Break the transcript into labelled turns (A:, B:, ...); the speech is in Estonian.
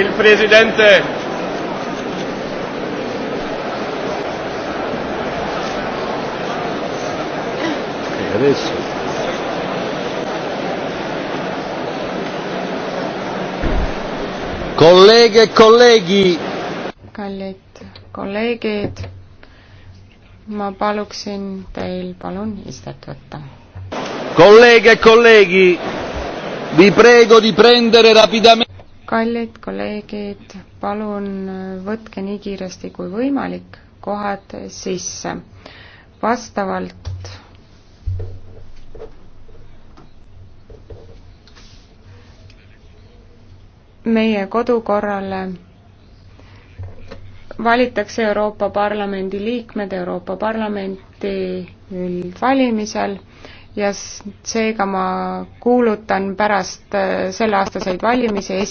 A: Il Presidente
B: e adesso kolleege e kolleegi
C: kallid kolleegid ma paluksin teil palun istet võtta
D: kolleege e kolleegi vi prego di prendere rapidamente
C: kallid kolleegid, palun võtke nii kiiresti kui võimalik kohad sisse. vastavalt meie kodukorrale valitakse Euroopa Parlamendi liikmed Euroopa Parlamenti üldvalimisel ja seega ma kuulutan pärast äh, selleaastaseid valimisi